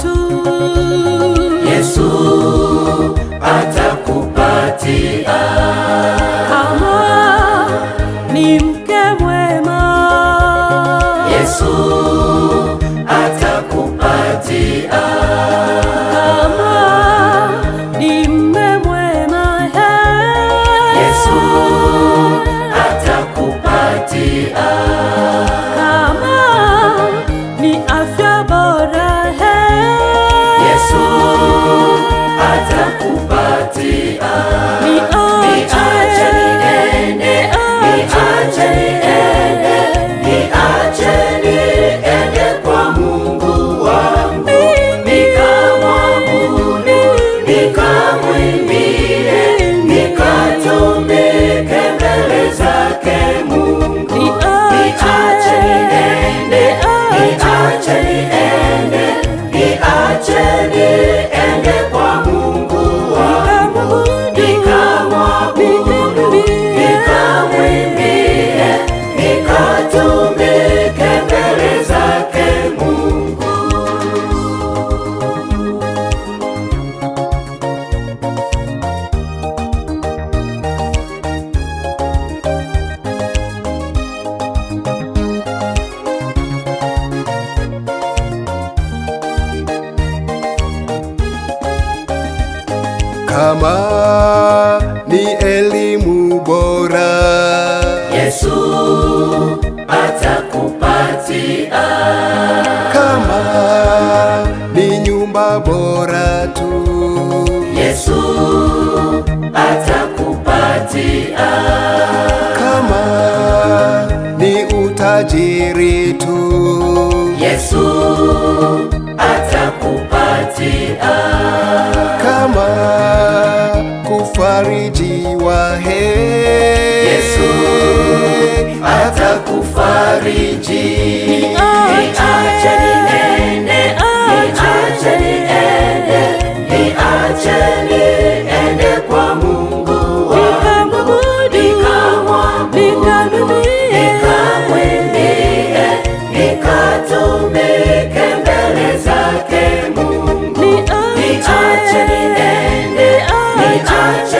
tu. Yesu atakupatia kama ni elimu bora. Yesu atakupatia kama ni nyumba bora tu. Yesu atakupatia kama ni utajiri tu. Yesu Watch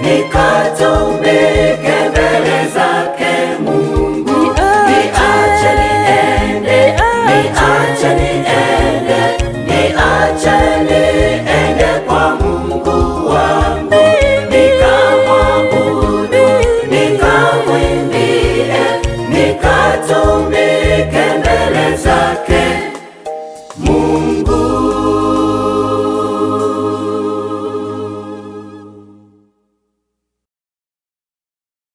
nikatumike mbele zake Mungu, niache niende, niache niende, niache niende kwa Mungu wangu, nikamwabudu, nikamwimbie, nikatumike mbele zake Mungu.